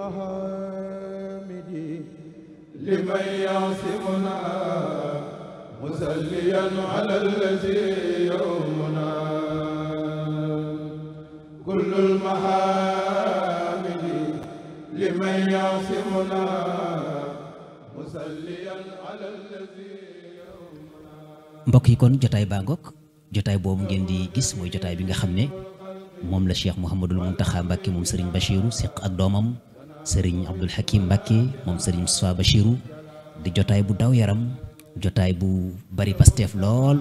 المحامد لمن يعصمنا مسليا على الذي يؤمنا كل المحامد لمن يعصمنا مسليا على الذي يؤمنا mbokk yi kon jotaay baa ngoog jotaay boobu ngeen di gis mooy jotaay bi nga xam ne moom la Cheikh Mouhamadul Mountakha Mbacké moom Serigne Bachirou seq ak doomam sëriñ Abdul Hakim Mbacke moom sëriñ Moustapha Bachirou di jotaay bu daw yaram jotaay bu bari pasteef lool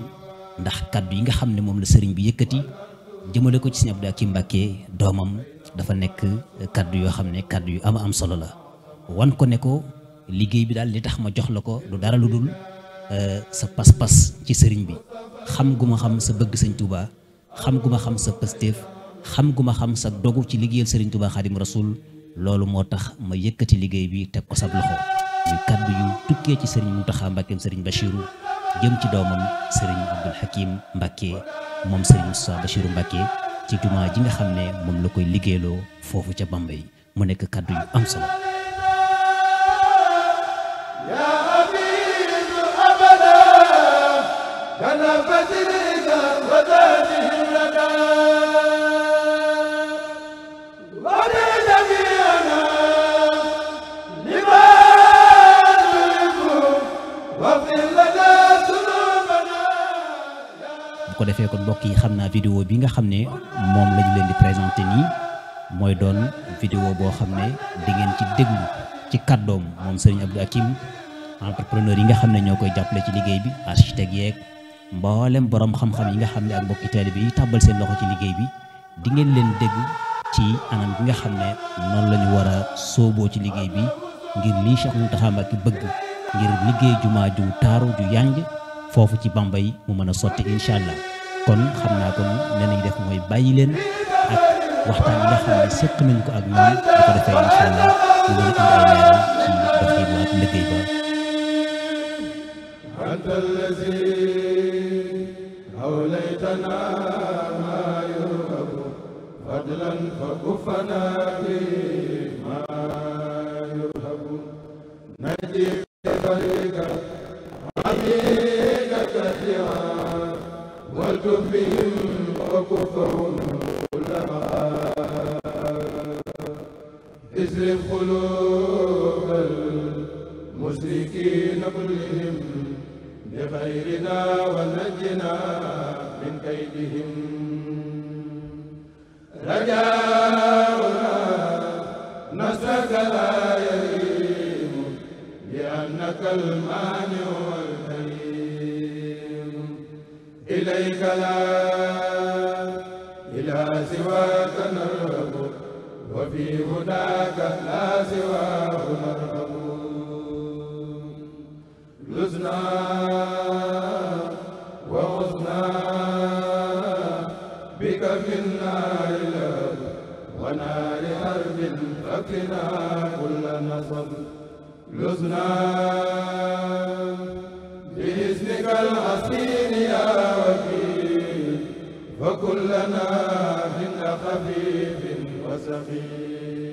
ndax kaddu yi nga xam ne moom la sëriñ bi yëkkati jëmale ko ci sëriñ Abdul Hakim doomam dafa nekk kaddu yoo xam ne kaddu yu am am solo la wan ko ne ko liggéey bi daal li tax ma jox la ko du dara lu dul euh, sa pas ci sëriñ bi xam gu ma xam sa bëgg sëñ Touba xam gu ma xam sa pasteef xam gu ma xam sa dogu ci liggéeyal sëriñ Touba Xaadimu Rasuul loolu moo tax ma yëkkati liggéey bi teg ko sab loxo muy kàddu yu tukkee ci sëriñ Mountakha Mbackeem sëriñ Bachirou jëm ci doomam sëriñ Abdoul Hakim Mbacke moom sëriñ Moustapha Bachirou Mbacke ci jumaa ji nga xam ne moom la koy liggéeyloo foofu ca Bambey mu nekk kàddu yu am solo. ko defee kon mbokk yi xam naa vidéo bi nga xam ne moom la leen di présenté nii mooy doon vidéo boo xam ne di ngeen ci déglu ci kàddoom moom Serigne Abdou Hakim entrepreneur yi nga xam ne ñoo koy jàppale ci liggéey bi architecte yeeg mboolem boroom xam-xam yi nga xam ne ak mbokki bi yi tàbbal seen loxo ci liggéey bi di ngeen leen dégg ci anam bi nga xam ne noonu lañu ñu war a sóoboo ci liggéey bi ngir lii Cheikh Mountakha Mbacké bëgg ngir liggéey jumaa foofu ci Bambey mu mën a sotti incha allah kon xam naa kon nee nañ def mooy bàyyi leen ak waxtaan yi nga xam ne seq nañ ko ak ñoom bu ko defee incha allah mu mën a indi ay leeral ci doxi bu ak liggéey ba anta allazi awlaytana ma yurabu fadlan fa kufana bi ma yurhabu وقنا كل نصب لسنا بإذنك الحسين يا وكيل فكلنا من خفيف وسخيف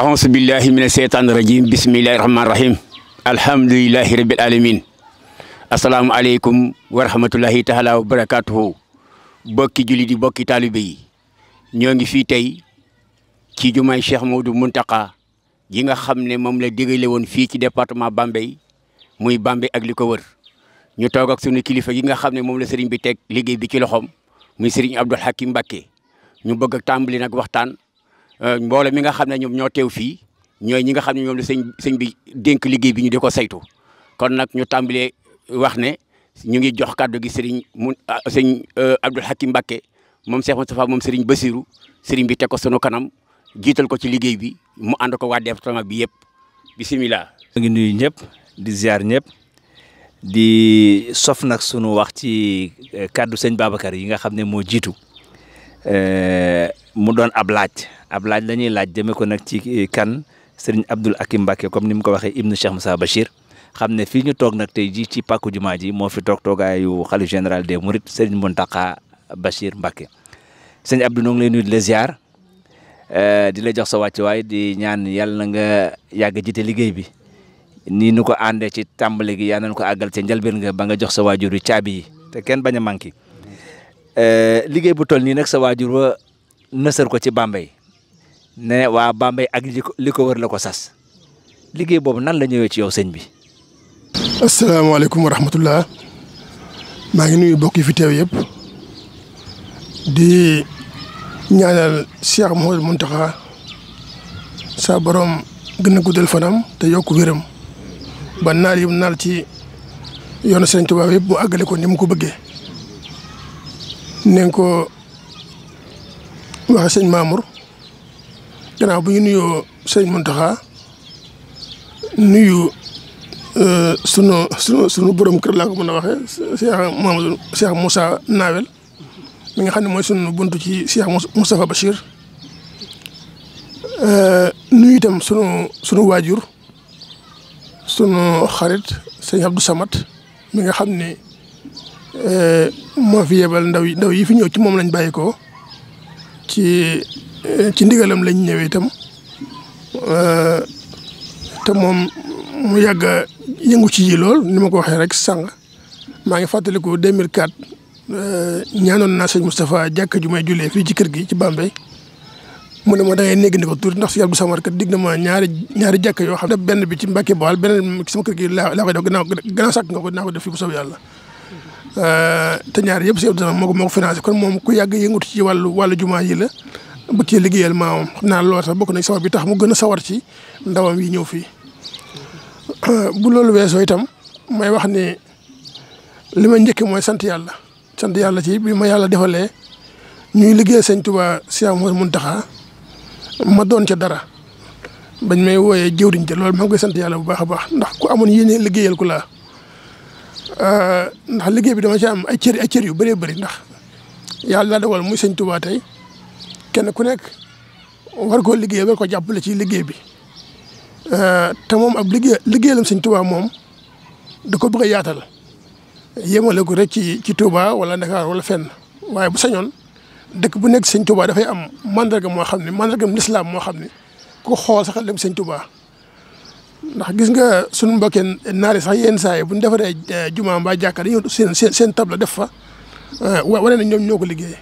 أعوذ بالله من الشيطان الرجيم بسم الله الرحمن الرحيم الحمد لله رب العالمين السلام عليكم ورحمة الله تعالى وبركاته bokki julli di bokki taalibe yi ñoo ngi fii tey ci jumay jumaay Cheikh Maodou Mountakha yi nga xam ne moom la dégale woon fii ci département Bambey muy Bambey ak li ko wër ñu toog ak sunu kilifa gi nga xam ne moom la sëriñ bi teg liggéey bi ci loxoom muy sëriñ Abdou Hakim Mbacké ñu bëgg a tàmbali nag waxtaan euh, mbooloo mi nga xam ne ñoom ñoo teew fii ñooy ñi nga xam ne ñoom la sëñ sëñ bi dénk liggéey bi ñu di ko saytu kon nag ñu tàmbalee wax ne ñu ngi jox kàddu gi sëriñ mu euh, sëñ euh, Abdou Hakim Mbacké moom Cheikh Moustapha moom sëriñ Bassirou sëriñ bi teg ko sunu kanam. jiital ko ci liggéey bi mu ànd ko waa département bi yëpp bisimilah. ñu ngi nuyu ñëpp di ziar ñëpp di sof nag sunu wax ci eh, kàddu sëñ Babacar yi nga xam ne moo jiitu eh, mu doon ab laaj ab laaj la laaj jëmee ko nag ci eh, kan sëriñ Abdul Akim Mbacke comme ni mu ko waxee ibnu Cheikh Moussa Bachir. xam ne fii ñu toog nag tey jii ci pàkku jumaa ji moo fi toog toogaayu xalif général des Mourides Serigne Mountakha Bachir Mbacké sëñ Abdou ñoo ngi lay nuyu di la Eh, di la jox sa waaye di ñaan yàlla na nga yàgg jiite liggéey bi nii nu ko àndee ci tàmbali gi yàlla nañ ko àggal ca nga ba nga jox sa waajur yu caabi yi te kenn bañ a manqué eh, liggéey bu toll nii nag sa waajur wa nësër ko ci Bambey ne waa Bambey ak li ko wër la ko sas liggéey boobu nan la ñëwee ci yow sëñ bi. asalaamaaleykum wa rahmatullah maa ngi nuyu mbokk fi teew yëpp di. ñaanal Cheikh Mouhamadou Mountakha sa borom gën a guddal fanam te yokk wéram ba naal yi mu naal ci yoonu Sëriñ Tuubaa yëpp mu àggale ko ni mu ko bëggee ne ko waxe sëñ Mamour gannaaw bu ñu nuyoo sëñ Mountakha nuyu euh, sunu sunu sunu borom kër laa ko mën a waxee Cheikh Mamadou Cheikh Moussa Nawel mi nga xam ne mooy sunu buntu ci Cheikh Moustapha Bachir euh, nuyu itam sunu sunu waajur sunu xarit sëñ Abdou Samad mi nga xam ne euh, moo fi yebal ndaw yi ndaw yi fi ñëw ci moom lañ bàyyi ko ci euh, ci ndigalam lañ ñëwee itam te moom mu yàgg yëngu ci ji lool ni ma ko waxee rek sàng maa ngi fàttaliku 2004. Euh, ñaanoon naa sëñ Moustapha jàkk ju may jullee fii ci kër gi ci Bambey mu ne ma dangay néeg ni ko tuuti ndax si Abdou Samar kat na ma ñaari ñaari yoo xam ne benn bi ci Mbacke Bawal beneen bi ci sama kër gi laa ko dinaa ko def fi bu euh, te ñaar yëpp si Abdou Samar moo ko moo ko yàgg yëngut ci wàllu wàllu jumaa la bu ci liggéeyal maamam naa loolu sax bokk na sawar bi tax mu gën a sawar ci ndawam yi ñëw fii bu loolu weesoo itam may wax ne li ma njëkk mooy sant yàlla sant yàlla ci bi ma yàlla defalee ñuy liggéey sëñ Tuubaa Cheikh mun taxa ma doon ca dara bañ may wooyee jëwriñ ca loolu maa ngi koy sant yàlla bu baax a baax ndax ku amoon yéene liggéeyal ku laa euh, ndax liggéey bi dama ci am ay cër yu bëree bëri ndax yàlla daa dogal muy sëñ Tuubaa tey kenn ku nekk war koo liggéeyal war ko jàppale ci liggéey bi euh, te moom ab liggéey liggéeyalam sëñ Tuubaa moom da ko bëgg a yaatal yéemale ko rek ci ci Touba wala Dakar wala fenn waaye bu sañoon dëkk bu nekk sëñ Touba dafay am mandarga moo xam ne mandargam lislaam moo xam ne ku xool sax dem sëñ Touba. ndax gis nga suñu mbokkee naari sax yenn saa yi bu ñu defaree eh, juma mbaa jàkka dañoo seen seen seen table def fa eh, wane na ñoom ñoo ko liggéey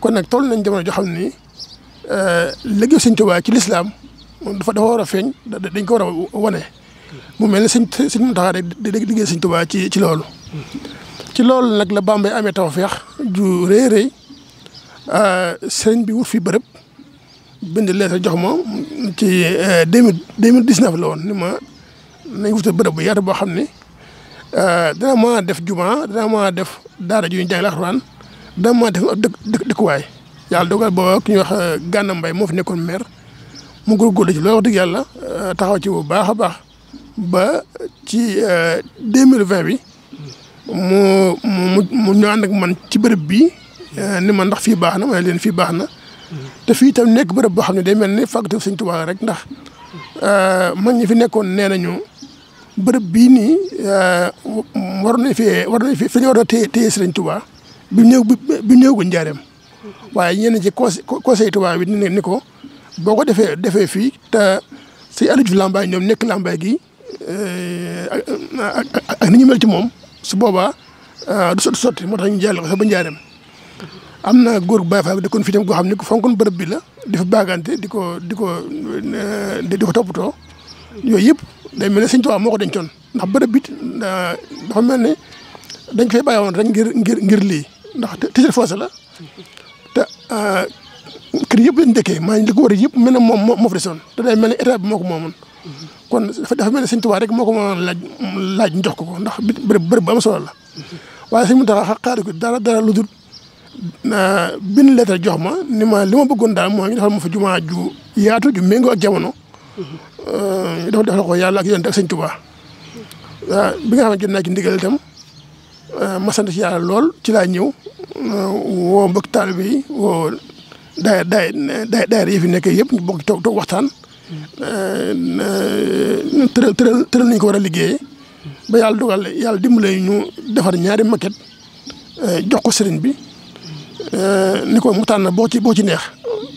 kon nag toll nañ jamono joo ni eh, liggéey sëñ Touba ci lislaam dafa dafa a feeñ dañ ko war wane mu mel ne sëñ sëñ Muntaxa rek di liggéey sëñ Touba ci ci loolu ci loolu nag la Bambey amee tawféex ju rëy rëy euh, sëriñ bi wut fi bërëb bind leeta jox ma ci euh, deux mille deux mille dix-neuf la woon ni ma nañ wutal bërëb bu yaatu boo xam ne euh, dana mën a def juma dana mën a def daara ju ñu jàngale alxuraan dana mën def dëkk dëkk dëkkuwaay. yàlla dogal booba ki ñuy wax Gana mbay moo fi nekkoon maire mu góorgóorlu ci loolu wax dëgg yàlla taxaw ci bu baax a baax ba ci deux mille vingt bi. mu mu mu ñu ànd ak man ci bërëb bii. Eh, ni man ndax fii baax na ma ne leen fii baax na. Mm-hmm. te fii itam nekk bërëb boo xam ne day mel ni fàggatu Sëñ Tuubaa rek ndax eh, mag ñi fi nekkoon nee nañu bërëb bii nii eh, war nañ fee war nañ fi fi ñu war a téye téye Sëñ Tuubaa bi néew bi néew gu njaareem mm-hmm. waaye ñenn ci conseil conseil Tuubaa bi ni ni ko boo ko defee defee fii te si Aliou Diouf Lambaye ñoom nekk Lambaye gi ak ak ni ñu mel ci moom. su boobaa euh, du sotti sotti moo tax ñu jàll ko sax ba am na góor gu Baay Faal bi kon fii tam goo xam ne ko fonkoon bërëb bi la di fa baagante di ko di ko euh, di ko toppatoo yooyu yëpp day mel ne Sëñ Tuubaa moo ko dencoon ndax bërëb bi euh, dafa mel ne dañ ko fay bàyyi woon rek ngir ngir ngir lii ndax titre fossé la te kër yëpp lañ dëkkee maa ngi li ko war a yëpp mel ne moom moo fi desoon te day mel ne état bi moo kon dafa mel ne sëñ Tuubaa rek moo ko mënoon laaj laaj jox ko ko ndax bërëb bërëb bu am solo la. waaye sëñ Muntaxa xaari ko dara dara lu dul bind jox ma ni ma li ma bëggoon daal mooy ñu defal ma fa jumaa ju yaatu ju méngoo ak jamono. ñu defal defal ko yàlla ak yonent ak sëñ Tuubaa. bi nga xam ne jot naa ci ndigal itam ah, ci yàlla lool ci laa ñëw woo mbokk taalibe yi woo daay daay daay daay yëf yi yëpp ñu bokk toog toog waxtaan. Euh, euh, tëral tëral tëral nañ ko war a liggéeyee ba yàlla dogal yàlla dimbale ñu defar ñaari maquette euh, jox ko sëriñ bi ni ko mu tànn boo ci boo ci neex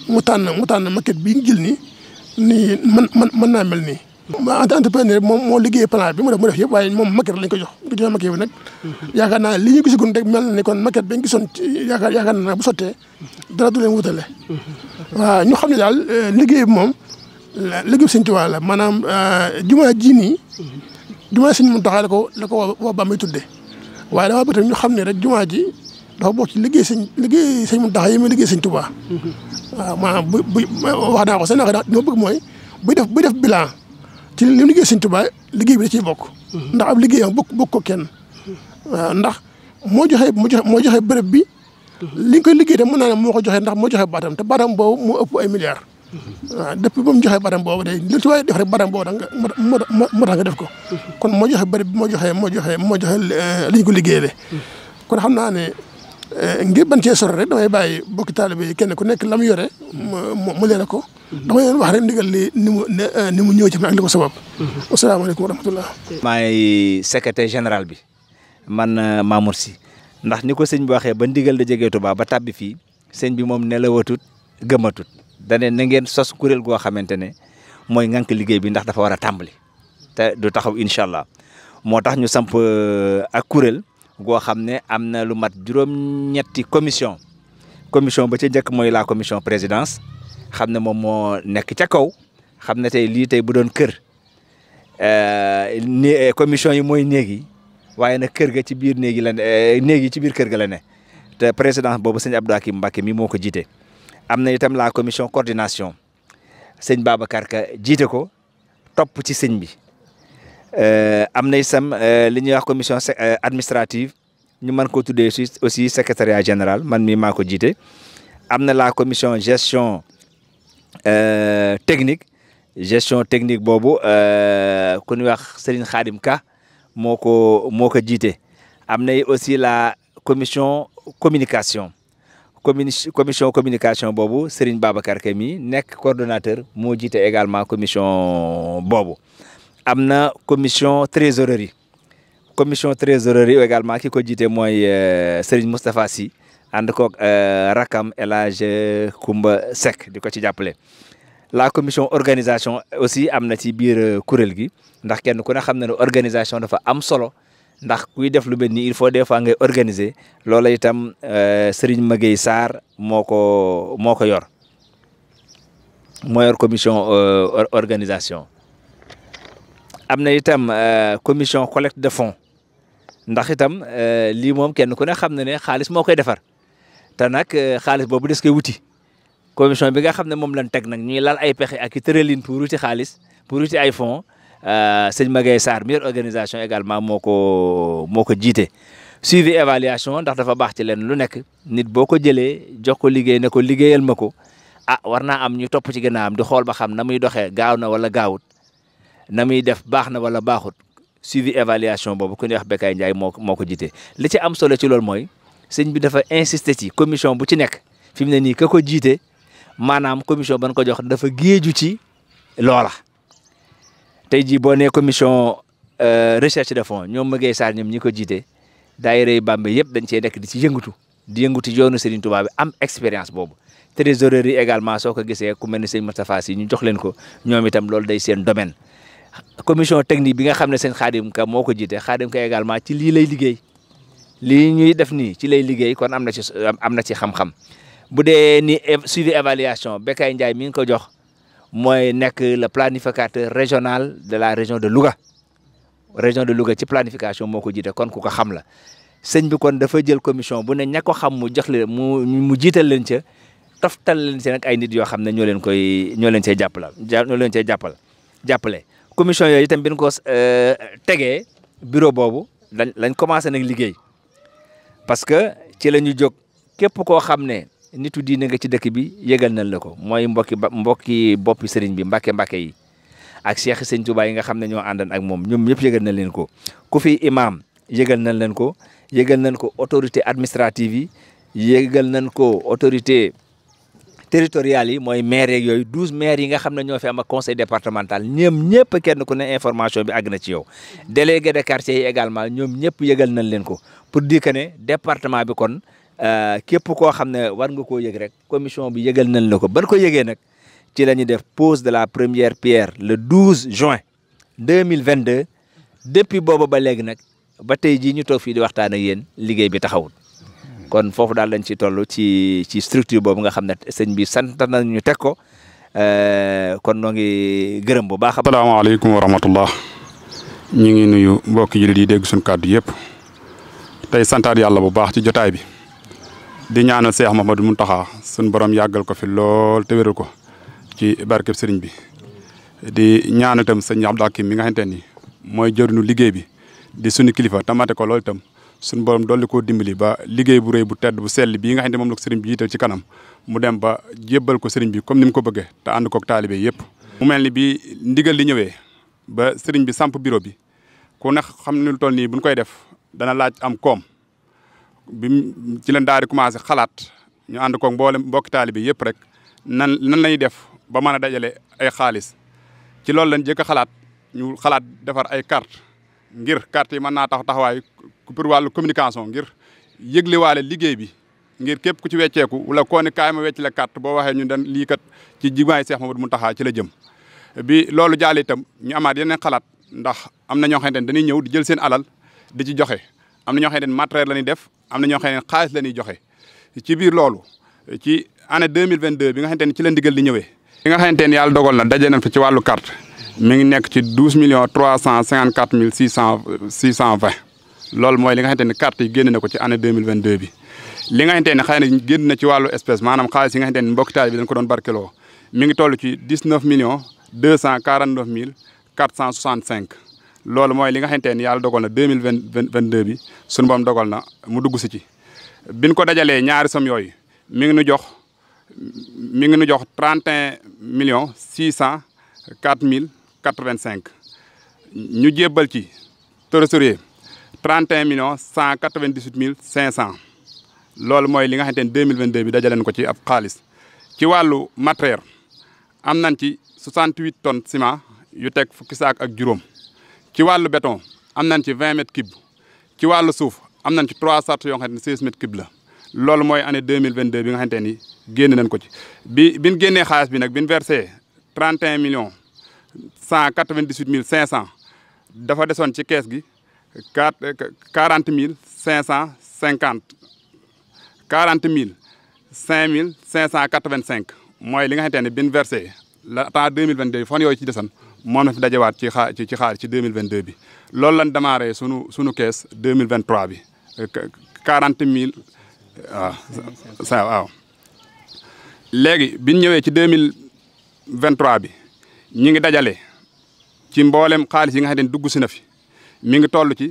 mu tànn mu tànn maquette bi nga jël nii nii man man mën naa mel nii. entrepreneur moom moo liggéey plan bi mu def mu def yëpp waaye moom maquette lañ ko jox du jox maquette bi nag yaakaar naa li ñu gisagun rek mel na ni kon maquette yaakaar yaakaar naa bu sottee dara du leen wutale waaw ñu xam ne daal liggéey bi moom liggéeyu sëñ waala la maanaam euh, jumaa ji nii jumaa sëñ Muntaxaa la ko la ko waa Bambey tudde waaye dama bëgg ñu xam ne rek jumaa ji dafa bokk ci liggéey sëñ liggéey sëñ Muntaxaa yi muy liggéey sëñ Tuubaa waaw maanaam bu bu wax naa ko sëñ naa ko bëgg mooy buy def buy def bilan ci li mu liggéey sëñ Tuubaa liggéey bi ciy bokk ndax ab liggéeyam bokk bokk ko kenn ndax moo joxe moo joxe moo joxe bërëb bi li nga koy liggéey tam mën naa moo ko joxe ndax moo joxe baatam te baatam boobu moo ëpp ay milliards waaw depuis ba mu joxee baram boobu day li ci waaye def rek baram boobu da nga moo moo tax nga def ko. kon moo joxe bëri moo joxe moo joxe moo joxe euh, li ñu ko liggéeyee kon xam naa ne euh, ngir ban cee sori rek damay bàyyi bokki bi yi kenn ku nekk la mu yore. mo mu leeral ko. damay leen wax rek ndigal li ni mu euh, ni mu ñëw ci ak li ko sabab. asalaamaaleykum wa rahmatullah. maay secretaire général bi man Mamour Sy ndax ni ko sëñ bi waxee ba ndigal da jege Tuubaa ba tàbbi fii sëñ bi moom nelawatut gëmatut. dane na ngeen sos kuréel goo xamante ne mooy ngànk liggéey bi ndax dafa war a tàmbali te du taxaw incha allah moo tax ñu samp euh, ak kuréel goo xam ne am na lu mat juróom-ñetti commission commission ba ca njëkk mooy la commission présidence xam ne moom moo nekk ca kaw xam ne tey lii tey bu doon kër euh, ni commission yi mooy néeg yi waaye nag kër ga ci biir néeg la euh, néeg yi ci biir kër ga la ne te présidence boobu sëñ Abdou Hakim Mbacké mi moo ko jiite. am na itam la commission coordination sëñ Babacar Ka jiite ko topp ci sëñ bi euh, am na itam euh, li ñuy wax commission euh, administrative ñu mën ko tuddee aussi aussi secrétariat général man mii maa ko jiite am na la commission gestion technique gestion technique boobu ku ñuy wax Serigne Khadim Ka moo ko moo ko jiite am na aussi la commission communication communi commission communication boobu Serigne Babacar Ka mi nekk coordonnateur moo jiite également commission boobu am na commission trésorerie commission trésorerie également ki ko jiite mooy euh, Serigne Moustapha Sy ànd koog euh, rakam El Hadj Koumba Seck di ko ci jàppale. la commission organisation aussi am na ci biir euh, kuréel gi ndax kenn ku ne xam na organisation dafa am solo. ndax kuy def lu mel nii il faut des fois ngay organiser loola itam euh, Serigne Maguette Sarr moo ko moo ko yor moo yor commission euh, organisation am na itam euh, commission collecte de fonds ndax itam lii moom kenn ku ne xam ne ne xaalis moo koy defar te nag xaalis boobu des koy wuti commission bi nga xam ne moom lañ teg nag ñuy lal ay pexe ak i tëralin pour wuti xaalis pour wuti ay fonds Euh, sëñ Magaye Sarr meilleure organisation également moo ko moo ko jiite suivi évaluation ndax dafa baax ci leen lu nekk nit boo ko jëlee jox ko liggéey ne ko liggéeyal ma ko ah war naa am ñu topp ci am di xool ba xam na muy doxee gaaw na wala gaawut na muy def baax na wala baaxut suivi évaluation boobu ku ñuy wax Bekaay Ndiaye moo moo ko jiite. li ci am solo ci loolu mooy sëñ bi dafa insister ci commission bu ci nekk fi mu ne nii ka ko jiite maanaam commission ban ko jox dafa géeju ci loola. tey jii boo nee commission euh, recherche de fonds ñoom Maguette Sarr ñoom ñi ko jiite daayira yi Bambey yëpp dañ cee nekk di ci yëngatu di yëngatu yoonu Serigne Touba bi am expérience boobu trésorier yi également soo ko gisee ku mel ne sëñ Moustapha Sy ñu jox leen ko ñoom itam loolu day seen domaine. commission technique bi nga xam ne seen xaadim ka moo ko jiite xaadim ka également ci lii lay liggéey lii ñuy def nii ci lay liggéey kon am na ci am na ci xam-xam bu dee ni suivi évaluation Bekay Ndiaye mi ngi ko jox. mooy nekk le planificateur régional de la région de Louga région de Louga ci planification moo ko jiite kon ku ko xam la sëñ bi kon dafa jël commission bu ne ña ko xam mu jox leen mu mu jiital leen ca toftal leen ci nag ay nit yoo xam ne ñoo leen koy ñoo leen cee jàppala ñoo leen cee jàppal jàppale commission yooyu itam bi ñu ko euh, tegee bureau boobu lañ lañ commencé nag liggéey parce que ci la ñu jóg képp koo xam ne nitu diine nga ci dëkk bi yëgal nañ la ko mooy mbokki ba mbokki boppi sëriñ bi mbake mbake yi ak cheikh sëñ Tuubaa yi nga xam ne ñoo àndan ak moom ñoom ñëpp yëgal nañ leen ko ku fi imaam yëgal nañ leen ko yëgal nañ ko autorité administrative yi yëgal nañ ko autorité territoriales yi mooy maire yeeg yooyu douze maires yi nga xam ne ñoo fi am ak conseil départemental ñoom ñëpp kenn ku ne information bi àgg na ci yow délégué de quartier yi également ñoom ñëpp yëgal nañ leen ko pour bi kon Euh, képp koo xam ne war nga koo yëg rek commission bi yëgal nañ la ko ban ko yëgee nag ci la ñuy def pose de la première pierre le 12 juin 2022 depuis booba ba léegi nag ba tey jii ñu toog fii di waxtaan ak yéen liggéey bi taxawul kon foofu daal lañ ci toll ci ci structure boobu nga xam ne sëñ bi sant ñu teg ko euh, kon noo ngi gërëm bu baax a. salaamaaleykum wa rahmatullah ñu ngi nuyu mbokki jullit yi dégg suñu kàddu yëpp tey santaat yàlla bu baax ci jotaay bi. di ñaanal Cheikh Mouhamadou Mountakha suñu borom yàggal ko fi lool te wéral ko ci barkeb sëriñ bi di ñaanal itam sëñ Abdou Hakim mi nga xamante ni mooy jëriñu liggéey bi di sunu kilifa tamate ko loolu itam suñu borom dolli koo dimbali ba liggéey bu rëy bu tedd bu selli bii nga xam ne moom la ko sëriñ bi jiital ci kanam mu dem ba jébbal ko sëriñ bi comme ni mu ko bëggee te ànd koog taalibe yëpp. mu mel ni bi ndigal li ñëwee ba sëriñ bi samp bureau bi ku ne xam ne buñ koy def dana laaj am koom. bi ci leen daal commencé xalaat ñu ànd koog mboolem mbokki taalibe bi yëpp rek nan nan lañuy def ba mën a dajale ay xaalis ci loolu lañ jëkk a xalaat ñu xalaat defar ay carte ngir carte yi mën naa tax taxawaay pour wàllu communication ngir yëgliwaale liggéey bi ngir képp ku ci wecceeku wala koo ne kaay ma wecc la carte boo waxee ñu dan lii kat ci jimaay Seex Mamadu Muntaxa ci la jëm bi loolu jaale itam ñu amaat yeneen xalaat ndax am na ñoo xamante ne dañuy ñëw di jël seen alal di ci joxe am na ñoo xam ne matériel la ñuy def am na ñoo xam ne xaalis la ñuy joxe ci biir loolu ci année 2022 bi nga xamante ni ci la ndigal li ñëwee li nga xamante ni yàlla dogal na daje nañ fi ci wàllu carte mi ngi nekk ci 12 millions 354 mille 600 620 loolu mooy li nga xamante ni carte yi génn na ko ci année 2022 bi li nga xamante ni xëy na génn na ci wàllu espèce maanaam xaalis yi nga xamante ni mbokki taal bi dañ ko doon barkeloo mi ngi toll ci 19 millions 249 loolu mooy li nga xamante ni yàlla dogal na deux mille vingt deux bi sunu boom dogal na mu dugg si ci. biñ ko dajalee ñaari som yooy mi ngi nu jox mi ngi nu jox trente million un cent quatre mille quatre vingt cinq ñu jébbal ci trésorier trente et cent quatre vingt dix huit mille cinq cent. loolu mooy li nga xamante ni deux mille vingt deux bi dajaleen ko ci ab xaalis ci wàllu matériel am nañ ci soixante huit tonnes ciment yu teg fukki saak ak juróom. ci wàllu beton am nañ ci 20 mètres cubes ci wàllu suuf am nañ ci 3 sart yoo xam ne 16 mètres cubes la loolu mooy année 2022 bi nga xamante ni génn nañ ko ci bi bi ñu génnee xaalis bi nag bi ñu versé 31 millions 198 mille 500 dafa desoon ci kees gi 4 40 mille 550 40 mille 5 mille 585 mooy li nga xamante ne la ñu versé la temps 2022 fan yooyu ci desoon. moom na fi dajawaat ci xaar ci xaar ci 2022 bi loolu lan démarré sunu sunu kees 2023 bi 40 mille waaw sa waaw léegi biñ ñëwee ci 2023 bi ñi ngi dajale ci mboolem xaalis yi nga xam ne dugg si na fi mi ngi toll ci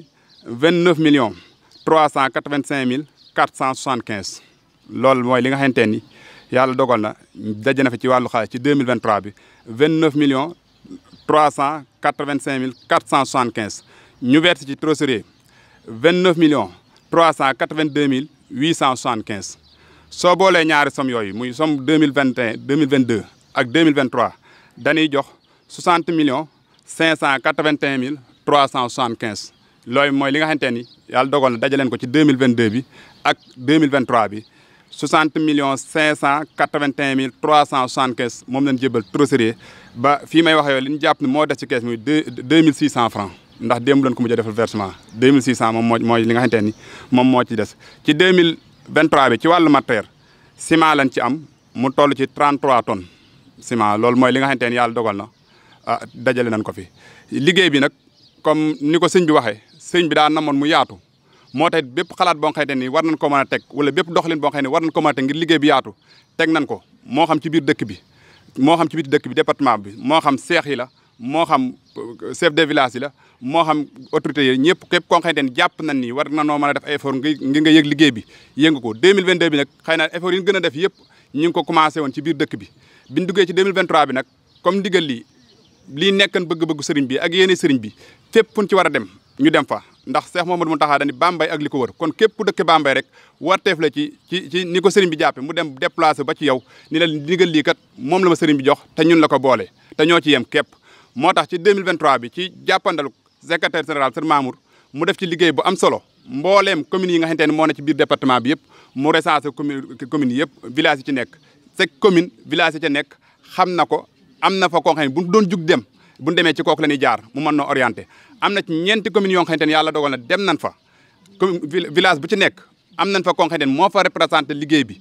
million 29 millions 385 mille 475 lool mooy li nga xamante ni yàlla dogal na daje na fi ci wàllu xaalis ci 2023 bi 29 millions trois cent quatre mille quatre cent soixante quinze ñu verse ci trésorier vingt neuf millions trois cent quatre vingt deux mille huit cent soixante quinze soo boolee ñaari somme yooyu muy somme deux mille vingt et un deux mille vingt deux ak deux dañuy jox soixante million cinq cent quatre vingt mille trois cent soixante quinze loolu mooy li nga xamante ni yàlla dogal na dajaleen ko ci deux mille vingt deux bi ak deux mille vingt trois bi soixante millions cinq cent quatre mille trois cent soixante quinze moom lañ jébal trésorier ba fii may wax yow li ñu jàpp ne moo des ci kees muy deux deux mille six cent francs ndax démb lañ ko mujj a defal versement deux mille six cent moom moo mooy li moom moo ci des. ci deux mille vingt trois bi ci wàllu matériel ciment lañ ci am mu toll ci trente trois tonnes ciment loolu mooy li nga xamante ne yàlla dogal na ah dajale nañ ko fi. liggéey bi nag comme ni ko sëñ bi waxee sëñ bi daa namoon mu yaatu moo tax bépp xalaat boo xamante ni war nañ ko mën teg wala bépp doxalin boo xam ne war nañ ko mën a teg ngir liggéey yaatu teg nañ ko moo xam ci biir dëkk bi. moo xam ci biti dëkk bi département bi moo xam seex yi la moo xam euh, chef de village yi la moo xam autorités yi ñëpp képp koo xamante jàpp na ni war na noo mën def ay effort ngi nga yëg liggéey bi yëngu ko 2022 bi nag xëy na effort yi ñu gën a def yëpp ñu ngi ko commencé woon ci biir dëkk bi biñ duggee ci 2023 bi nag comme ndigal li lii nekkan bëgg bëgg sëriñ bi ak yéene sëriñ bi fépp fu ci war a dem ñu dem fa ndax Cheikh Mouhamadou Mountakha dani Bambey ak li ko wër kon képp ku dëkk Bambey rek warteef la ci ni ko sëriñ bi jàppe mu dem déplacé ba ci yow ni la ndigal lii kat moom la ma sëriñ bi jox te ñun la ko boole te ñoo ci yem képp moo tax ci 2023 bi ci jàppandalu secrétaire général sëriñ Mamour mu def ci liggéey bu am solo mbooleem communes yi nga xamante ne moo na ci biir département bi yëpp mu recensé commune communes yëpp village yi ci nekk chaque commune village yi nekk xam na ko am na fa koo xam ne doon jug dem bu ñu demee ci kooku la ñuy jaar mu mën na orienté am na ci ñeenti communes yoo xamante ne yàlla dogal na dem nañ fa village bu ci nekk am nañ fa koo xamante moo fa représenté liggéey bi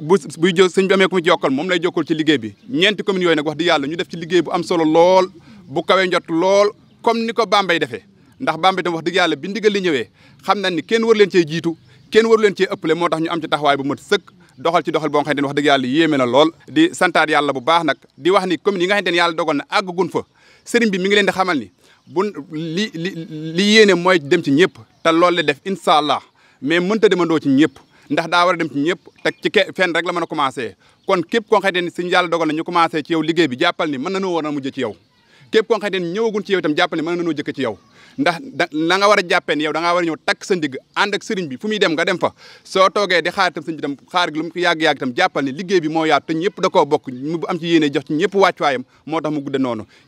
bu buy jël sëñ bi amee ku mu ci yokkal moom lay jokkal ci liggéey bi ñeenti communes yooyu nag wax di yàlla ñu def ci liggéey bu am solo lool bu kawee njot lool comme ni ko Bambey defee ndax Bambey tam wax dëgg yàlla bi ndigal li ñëwee xam na ni kenn waru leen cee jiitu ken waru leen cee ëppale moo tax ñu am ci taxawaay bu mat sëkk doxal ci doxal boo nga xamante ni wax dëgg yàlla yéeme na lool di santaat yàlla bu baax nag di wax ni commune yi nga xamante ni yàlla dogal na àggagun fa sëriñ bi mi ngi leen di xamal ni bu li li li yéene mooy dem ci ñëpp te loolu la def incha allah mais mënta demandoo ci ñëpp ndax daa war a dem ci ñëpp te ci ke fenn rek la mën a commencé kon képp ko xamante ni suñu yàlla dogal na ñu commencé ci yow liggéey bi jàppal ni mën nanoo war a mujj ci yow képp koo xamante ci yow itam jàppal ni mën nanoo jëkk ci yow ndax da la nga war a jàppee ni yow da ngaa a ñëw takk sa ndigg ànd ak sëriñ bi fu muy dem nga dem fa soo toogee di xaar itam sëriñ bi tam xaar gi liggéey bi moo yaatu da koo bokk mu am ci yéene jox ci ñëpp moo tax mu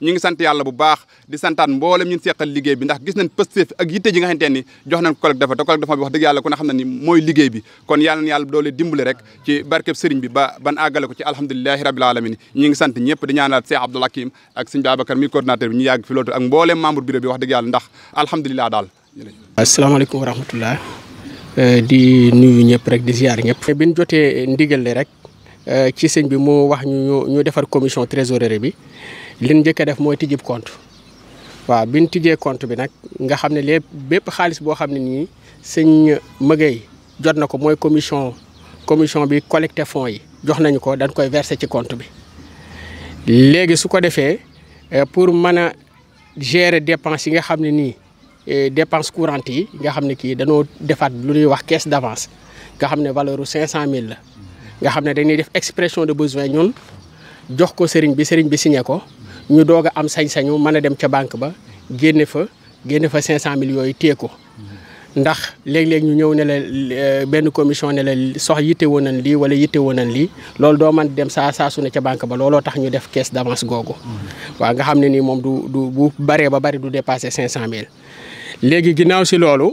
ñu ngi sant yàlla bu baax di santaan mboolem ñun seqal liggéey bi ndax gis nañ pësteef ak yitte ji nga xamante ni jox nañ ko collecte dafa te collecte dafa bi wax dëgg yàlla ku ne xam ne ni mooy liggéey bi kon yàlla ñi ngi sant ñëpp di ñaanal Cheikh Abdoul Hakim ak sëñ Babacar mi coordinateur bi ñu wax dëgg yàlla ndax alhamdulilah daal. asalaamaaleykum wa rahmatullah eh, di nuyu ñëpp rek di ziar ñëpp. Eh, bi nu jotee ndigal li rek eh, ci sëñ bi mu wax ñu ñu defar commission trésorerie bi li ñu njëkk a def mooy tijjib compte waaw bi ñu tijjee compte bi nag nga xam ne lépp bépp xaalis boo xam ne nii sëñ mëgëy jot na ko mooy commission commission bi collecté fonds yi jox nañu ko dañ koy versé ci compte bi léegi su ko defee pour mën gérer dépense yi nga xam ne nii eh, dépense courante yi nga xam ne kii dañoo defaat lu ñuy wax caisse d'avance nga xam ne valeur u cinq cent mille la nga xam ne dañuy def expression de besoin ñun jox ko sëriñ bi sëriñ bi signé ko ñu doog a am sañ-sañu mën a dem ca banque ba génne fa génne fa cinq cent mille yooyu téye ko ndax léeg-léeg ñu ñëw ne la euh, benn commission ne la sox yitte woon nañ lii wala yitte woon nañ lii loolu doo man dem saa saa su ne ca banque ba looloo tax ñu def caisse d'avance googu. Mm-hmm. waa nga xam ne nii moom du du bu baree ba bari du cent 500000. léegi ginnaaw si loolu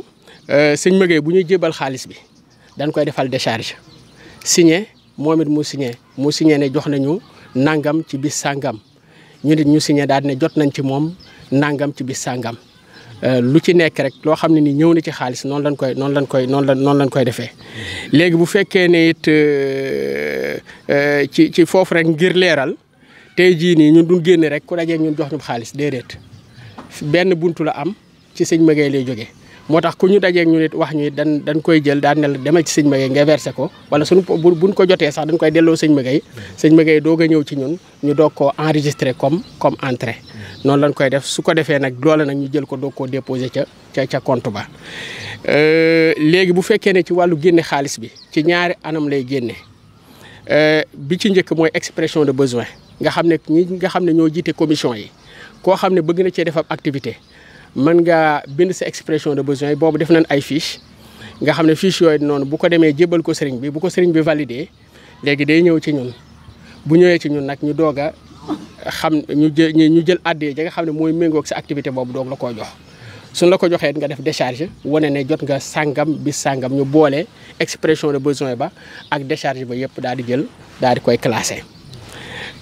euh, sëñ Maguette bu ñuy jébal xaalis bi dañ koy defal décharge signé moom it mu signé mu signé ne jox nañu nangam ci bis sangam ñu nit ñu signé daal ne jot nañ ci moom nangam ci bis sangam. Euh, lu ci nekk rek loo xam ne ni ñëw na ci xaalis noonu lañ koy noonu lañ koy noonu la noonu koy defee léegi bu fekkee ne it euh, euh, ci ci foofu rek ngir leeral tey jii nii ñun duñ génn rek ku dajee ñun jox ñu xaalis déedéet benn buntu la am ci sëñ Maguette lay jóge moo tax ku ñu dajee ñu nit wax ñu dan dañ koy jël daan ne la demee ci sëñ Maguette nga versé ko wala suñu buñ ko jotee sax dañ koy delloo sëñ Maguette sëñ Maguette doog a ñëw ci ñun ñu doog koo enregistré comme comme entrée noonu lañ koy def su ko defee nag loola nag ñu jël ko doog koo déposé ca ca ca compte ba euh, léegi bu fekkee ne ci wàllu génne xaalis bi ci ñaari anam lay génne euh, bi ci njëkk mooy expression de besoin nga xam ne ñi nga xam ne ñoo jiite commission yi koo xam ne bëgg na cee def ab activité man ngaa bind sa expression de besoin yi boobu def nañ ay fiche nga xam ne fiche yooyu noonu bu ko demee jébbal ko sëriñ bi bu ko sëriñ bi validé léegi day ñëw ci ñun bu ñëwee ci ñun nag ñu doog a xam ñu jël ñu jël addee ja nga xam ne mooy méngoog sa activité boobu doog la koo jox suñ la ko joxee nga def décharge wane ne jot nga sàngam bi sàngam ñu boole expression de besoin ba ak décharge ba yëpp daal di jël daal di koy classé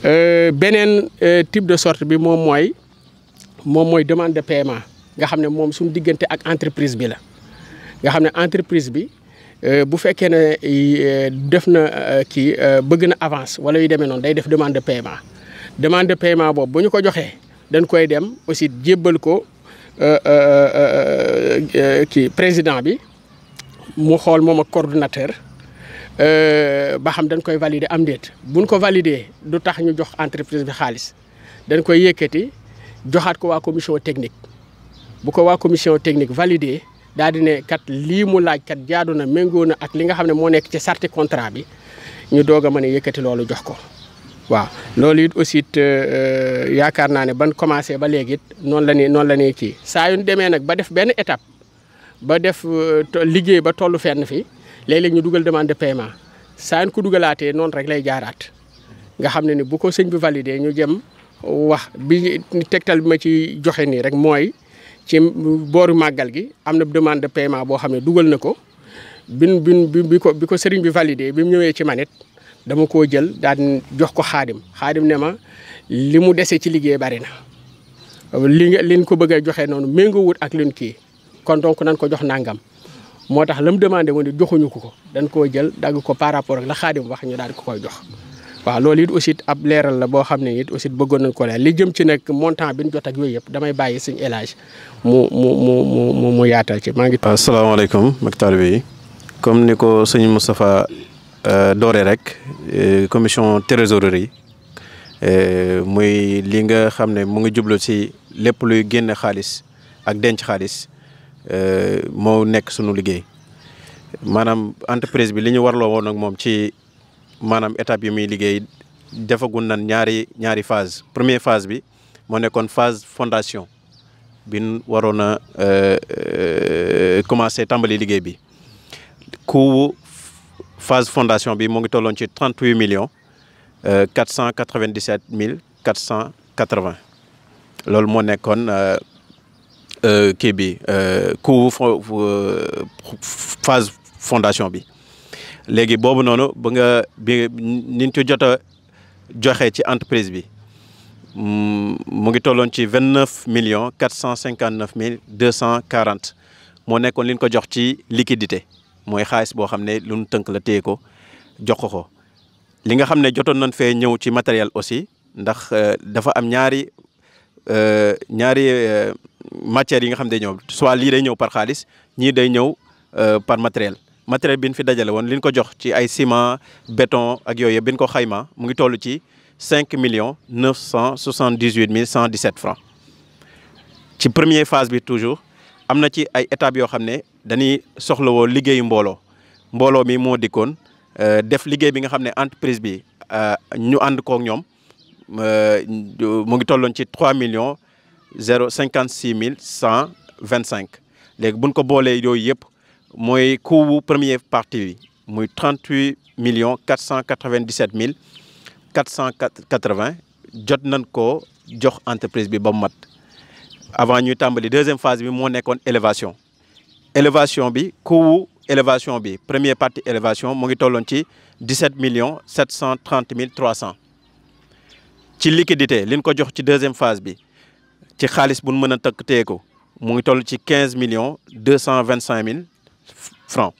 euh, beneen euh, type de sorte bi moom mooy moom mooy demande de nga xam ne moom suñu diggante ak entreprise bi la nga xam ne entreprise bi euh, bu fekkee ne euh, def na euh, kii bëgg na avance wala yu demee noonu day def demande de paiement demande de paiement boobu bu ñu ko joxee dañ koy dem aussi jébbal ko kii président bi mu xool moom ak coordonnateur ba xam dañ koy valider am déet buñ ko valider du tax ñu jox entreprise bi xaalis dañ koy yëkkati joxaat ko waa commission technique bu ko waa commission technique validé daal di ne kat lii mu laaj kat jaadu na méngoo na ak li nga xam ne moo nekk ci sarti contrat bi ñu doog a mën a yëkkati loolu jox ko. waaw loolu it aussi it euh, euh, yaakaar naa ne ban commencé ba léegi noonu la ñuy noonu la ñuy kii saa demee nag ba def benn étape ba def euh, liggéey ba tollu fenn fi léeg-léeg ñu dugal demande de paiement saa yu dugalaatee noonu rek lay jaaraat nga xam ne ni bu ko sëñ bi validé ñu jëm wax bi tegtal bi ma ci joxe nii rek mooy. ci booru màggal gi am na demande de paiement boo xam ne dugal na ko bin bi ko bi ko sëriñ bi validé bi mu ñëwee ci manit dama koo jël daan jox ko xaadim xaadim ne ma li mu dese ci liggéey bari na li nga liñ ko bëgg a joxe noonu méngoo wut ak liñ kii kon donc nan ko jox nangam moo tax lam mu demandé woon joxuñu ko ko dañ koo jël dagg ko par rapport ak la xaadim wax ñu daal di ko koy jox waaw loolu it aussi ab leeral la boo xam ne it aussi bëggoon nañ ko leer li jëm ci nekk montant bi ñu jot ak yooyu yëpp damay bàyyi suñu élage mu mu mu mu mu yaatal ci maa ngi. asalaamaaleykum mbokk taalibe yi comme ni ko sëñ Moustapha euh, dooree rek euh, commission trésorerie euh, muy li nga xam ne mu ngi jublu ci lépp luy génn xaalis ak denc xaalis moo nekk sunu liggéey maanaam entreprise bi li ñu warloo woon ak moom ci. maanaam étape yi muy liggéey defagun nan ñaari ñaari phase premier phase bi moo nekkoon phase fondation bi nu waroon a euh, euh, commencé tàmbali liggéey bi coût phase fondation bi mu ngi tolloon ci trente huit millions euh, cent quatre vingt dix sept mille quatre cent quatre vingt loolu moo nekkoon kii bi coût phase fondation bi. léegi boobu noonu ba nga bi niñ ci jot joxe ci entreprise bi mm, mu ngi tolloon ci vingt neuf millions quatre cent cinquante neuf mille deux cent quarante moo nekkoon li ko jox ci liquidité mooy xaalis boo xam ne lu ñu tënk la téye ko jox ko li nga xam ne jotoon nañ fee ñëw ci matériel aussi ndax euh, dafa am ñaari euh, ñaari euh, matières yi nga xam ne day ñëw soit lii day ñëw par xaalis ñii day ñëw par matériel. matériel bi ñu fi dajale woon li ñu ko jox ci ay ciment béton ak yooyu yëpp ko xayma mu ngi toll ci cinq million neuf cent soixante dix huit mille cent dix sept francs ci premier phase bi toujours am na ci ay étapes yoo xam ne dañuy soxlawoo liggéeyu mbooloo mbooloo mi moo dikkoon euh, def liggéey bi nga xam ne entreprise bi euh, ñu ànd kook ñoom euh, mu ngi tolloon ci trois millions zéro cinquante six mille cent vingt cinq léegi buñ ko boolee yooyu yëpp. mooy coût bu première partie bi muy 38 millions 497 mille quatre cent 480 jot nañ ko jox entreprise bi ba mu mat avant ñuy tàmbali deuxième phase bi moo nekkoon élévation élévation bi coût élévation bi premier partie élévation mu ngi tolloon ci 17 millions 730 mille 300 ci liquidité liñ ko jox ci deuxième phase bi ci xaalis bu ñu mën a tëkk ko mu ngi toll ci 15 millions 225 mille francs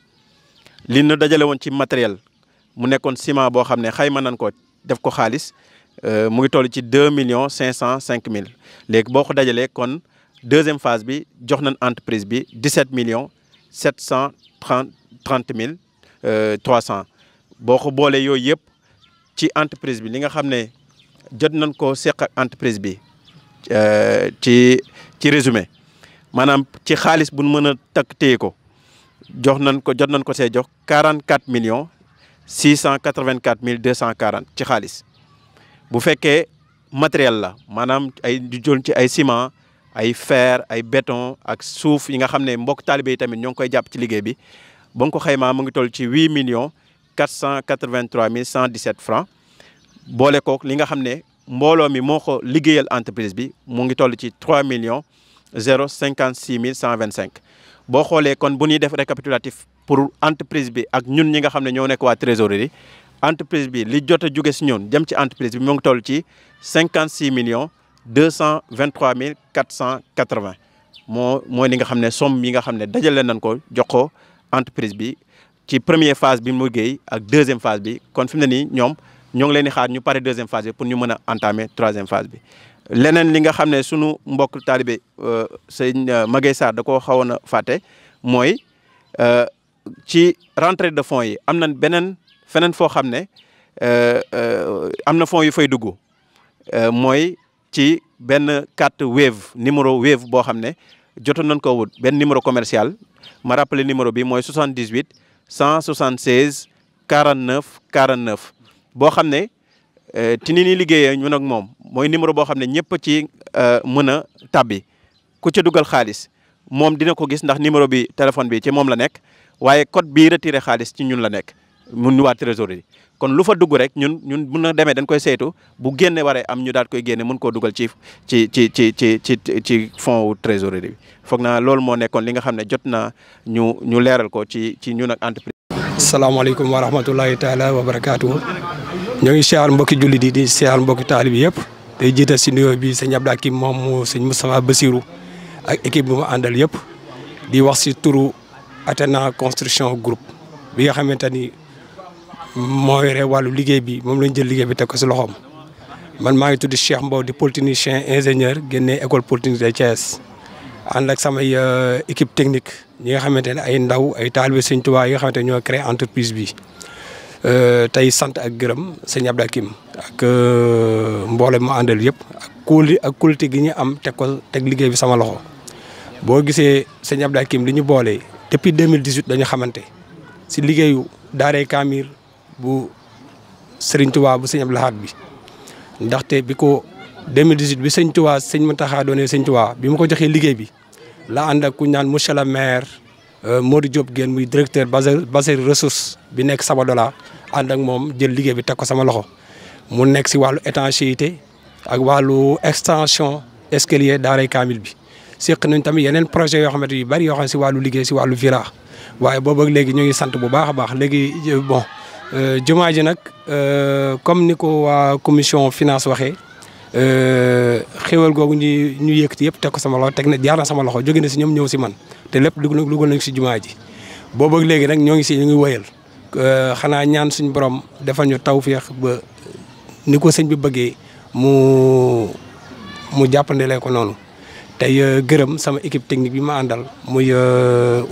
li ñu dajale woon ci matériel mu nekkoon ciment boo xam ne xayma nan ko def ko xaalis euh, mu ngi toll ci deux millions cinq cent cinq mille léegi boo ko dajalee kon deuxième phase bi jox nañ entreprise bi dix-sept millions sept cent trente trente mille euh, trois cent boo ko boolee yooyu yëpp ci entreprise bi ni nga xam ne jot nañ ko seq entreprise bi euh, ci ci résumé maanaam ci xaalis bu ñu mën a takk téye ko jox nañ ko jot nañ ko see jox 44 millions 684 mille 240 ci xaalis bu fekkee matériel la maanaam ay di jël ci ay ciment ay fer ay béton ak suuf yi nga xam ne mbokk taalibe yi tamit ñoo ngi koy jàpp ci liggéey bi ba nga ko xaymaa mu ngi toll ci million 8 millions 483 mille 117 francs boole kook li nga xam ne mbooloo mi moo ko liggéeyal entreprise bi mu ngi toll ci 3 millions 056 mille cent vingt cinq boo xoolee kon bu ñuy def récapitulatif pour entreprise bi ak ñun ñi nga xam ne ñoo nekk waa trésorerie entreprise bi li jot a jóge si ñun jëm ci entreprise bi mu ngi toll ci cinquante six millions deux cent vingt trois mille quatre cent quatre vingt moo mooy li nga xam ne somme yi nga xam ne dajale nañ ko jox ko entreprise bi ci premier phase bi mu géey ak deuxième phase bi kon fi mu ne nii ñoom ñoo ngi leen di xaar ñu pare deuxième phase bi pour ñu mën a entamer troisième phase bi. leneen li nga xam ne sunu mbokk taalibe euh, sëñ euh, Maguette Sarr da koo xawoon a fàtte mooy euh, ci rentre de fonds yi am na beneen feneen foo xam ne am na fonds yu fay dugg mooy ci benn carte Wave numéro Wave boo xam ne jotoon nañ koo benn numéro commercial ma rappelé numéro bi mooy 78 176 49 49 boo xam ne Euh, ci ni ñuy liggéeyee ñun ak moom mooy numéro boo xam ne ñëpp ci euh, mën a tabbi ku ca dugal xaalis moom dina ko gis ndax numéro bi téléphone bi ci moom la nekk waaye code bii retiré xaalis ci ñun la nekk mun waa trésorerie kon lu fa dugg rek ñun ñun mun na demee dañ koy saytu bu génne waree am ñu daal koy génne mën koo dugal ci ci ci ci ci ci ci fond wu bi foog naa loolu moo nekkoon li nga xam ne jot na ñu ñu leeral ko ci ci ñun ak entreprise salaamaaleykum wa rahmatulahi taala wa barakaatu. ñoo ngi siyaar mbokki jullit yi di siyaar mbokki taalib yëpp tey jiital si nuyoo bi sëñ Abdou Hakim moom mu sëñ Moustapha Bassirou ak équipe mu àndal yëpp di wax si turu Athéna construction groupe bi nga xamante ni moo yore wàllu liggéey bi moom lañ jël liggéey bi teg ko si loxoom. man maa ngi tudd Cheikh Mbow di polytechnicien ingénieur génnee école polytechnique de Thiès ànd ak samay euh, équipe technique. ñi nga xamante ne ay ndaw ay taalibe sëñ Tuubaa yi xamante ñoo créé entreprise bi euh, tey sant ak gërëm sëñ Abdou Hakim ak euh, mboole mu àndal yëpp ak kóoli ak kóolite gi ñu am teg ko liggéey bi sama loxo boo gisee sëñ Abdou Hakim li ñu boole depuis 2018 dañu xamante si liggéeyu daaree Kaamir bu sëriñ tuwaa bu sëñ Abdou Lahad bi ndaxte bi ko 2018 bi sëñ Touba sëñ taxaa doonee sëñ Touba bi mu ko joxee liggéey bi. la ànd ak ku ñaan monsieur le maire euh, Modou Diop Guène muy directeur Basel ressource bi nekk Sabadola ànd ak moom jël liggéey bi teg ko sama loxo mu nekk si wàllu étanchéité ak wàllu extension escalier daaray kaamil bi seq nañ tamit yeneen projet yoo xamante yu bari yoo xam si wàllu liggéey si wàllu villa waaye boobu ak léegi ñu ngi sant bu baax a baax léegi euh, bon euh, jumaa ji nag comme ni ko waa commission finance waxee Euh, xéwal googu ñu ñu yëkkati yëpp teg sama loxo teg na jaar sama loxo jóge na si ñoom ñëw si man te lépp dugal nañ si jumaa ji boobu léegi nag ñoo ngi si ñu ngi wëyal euh, xanaa ñaan suñ borom defal ñu tawféex ba ni ko sëñ bi bëggee mu mu jàppandalee ko noonu tey euh, gërëm sama équipe technique bi ma àndal muy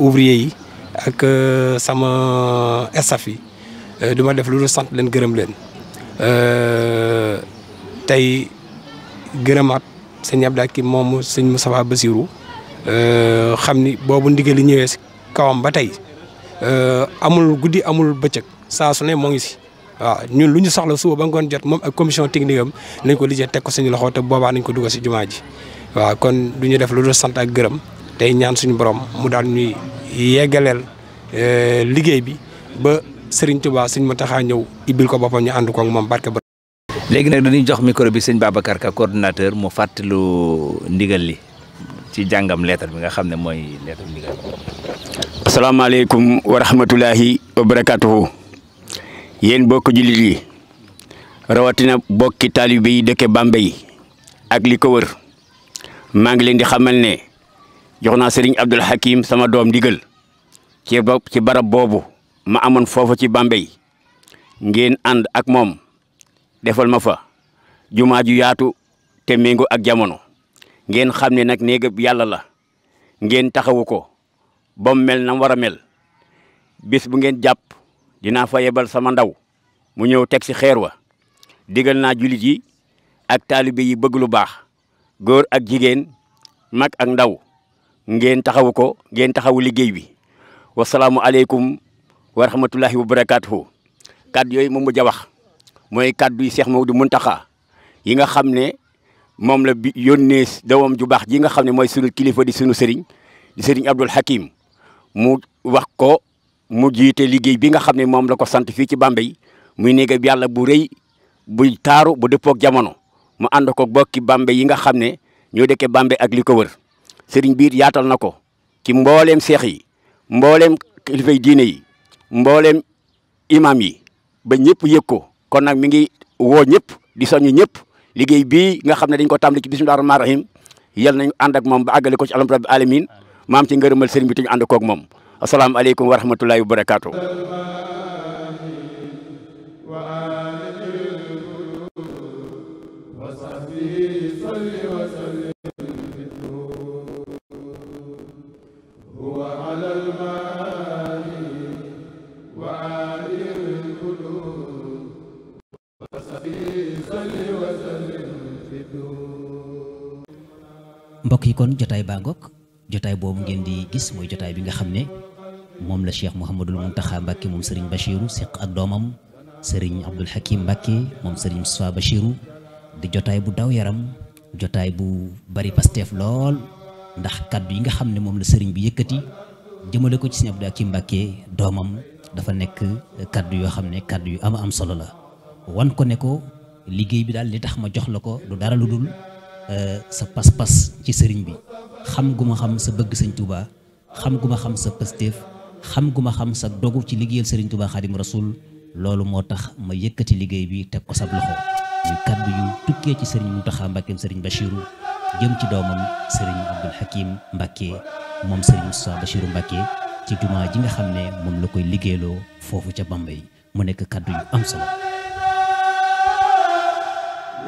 ouvrier yi ak sama staff yi def lu dul sant leen gërëm leen tey gërëmaat sëñ Abdou Hakim moomu sëñ Moustapha Bassirou euh, xam ni boobu ndigal li ñëwee si kawam ba tey euh, amul guddi amul bëccëg saa su ne moo ngi si waaw ñun lu ñu soxla suba ba ngoon jot moom ak commission technique am nañ ko lijjee te ko suñu loxo te boobaa nañ ko dugal si jumaa ji waaw kon du ñu def lu dul sant ak gërëm tey ñaan suñu borom mu daal ñuy yeggaleel euh, liggéey bi ba Serigne Touba Serigne Mountakha ñëw ibbil ko boppam ñu ànd ko ak moom barke borom léegi nag dañuy jox micro bi sëñ Babacar Ka coordinateur mu fàttalu ndigal li ci jàngam lettre bi nga xam ne mooy lettre ndigal. asalaamaaleykum wa rahmatulahi wa barakaatuhu yéen bokk jullit yi rawatina bokki taalibe yi dëkke Bambey ak li ko wër maa ngi leen di xamal ne jox naa Serigne Abdoul Hakim sama doom ndigal ci ci barab boobu ma amoon foofu ci Bambey ngeen ànd ak moom. defal ma fa jumaa ju yaatu te méngoo ak jamono ngeen xam ne nag bu yàlla la ngeen taxawu ko ba mel na war a mel bis bu ngeen jàpp dinaa fa yebal sama ndaw mu ñëw teg si xeer wa digal naa jullit yi ak taalibe yi bëgg lu baax góor ak jigéen mag ak ndaw ngeen taxawu ko ngeen taxawu liggéey bi wasalaamu aleykum wa rahmatullahi wa barakaatuhu kàddu yooyu moom mu ja wax mooy kàddu yi Cheikh Maodo Mountakha yi nga xam ne moom la bi yónnee doomam ju baax ji nga xam ne mooy sunu kilifa di sunu sëriñ di sëriñ Abdul Hakim mu wax ko mu jiite liggéey bi nga xam ne moom la ko sant fii ci Bambey muy néega bi yàlla bu rëy bu taaru bu deppook jamono mu ànd ko bokki Bambey yi nga xam ne ñoo dëkkee Bambey ak li ko wër sëriñ biir yaatal na ko ci mbooleem seex yi mbooleem kilifay diine yi mbooleem imam yi ba ñëpp yëg ko kon nag mi ngi woo ñëpp di soñu ñëpp liggéey bi nga xam ne dañ ko tàmbali ci bismillahi rahmaani rahim yal nañu ànd ak moom ba àggale ko ci alam rabbi alamin maam ci ngërëmal sëriñ bi te ñu ànd koog moom asalaamaaleykum wa rahmatullahi wa barakaatu. mbokk yi kon jotaay baa ngoog jotaay boobu ngeen di gis mooy jotaay bi nga xam ne moom la Cheikh Mouhamadul Mountakha Mbacke moom sëriñ Bachirou seq ak doomam Serigne Abdoul Hakim Mbacke moom Serigne Moustapha Bachirou di jotaay bu daw yaram jotaay bu bari pasteef lool ndax kàddu yi nga xam ne moom la sëriñ bi yëkkati jëmale ko ci Serigne Abdoul Hakim Mbacke doomam dafa nekk kàddu yoo xam ne kàddu yu ama am solo la. wan ko ne ko liggéey bi daal li tax ma jox la ko du dara lu dul euh, sa pas ci sëriñ bi xam gu ma xam sa bëgg sëñ Touba xam gu ma xam sa pëstéef xam gu ma xam sa dogu ci liggéeyal sëriñ Touba Xaadim Rasul loolu moo tax ma yëkkati liggéey bi teg ko sab loxo muy kàddu yu tukkee ci sëriñ Mountakha Mbackeem sëriñ Bachirou jëm ci doomam sëriñ Abdoul Hakim Mbacke moom sëriñ Moussa Bachirou Mbacke ci jumaa ji nga xam ne moom la koy liggéeyloo foofu ca Bambey mu nekk kàddu am solo.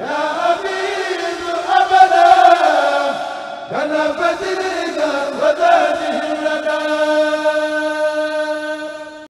yaa abiidu abada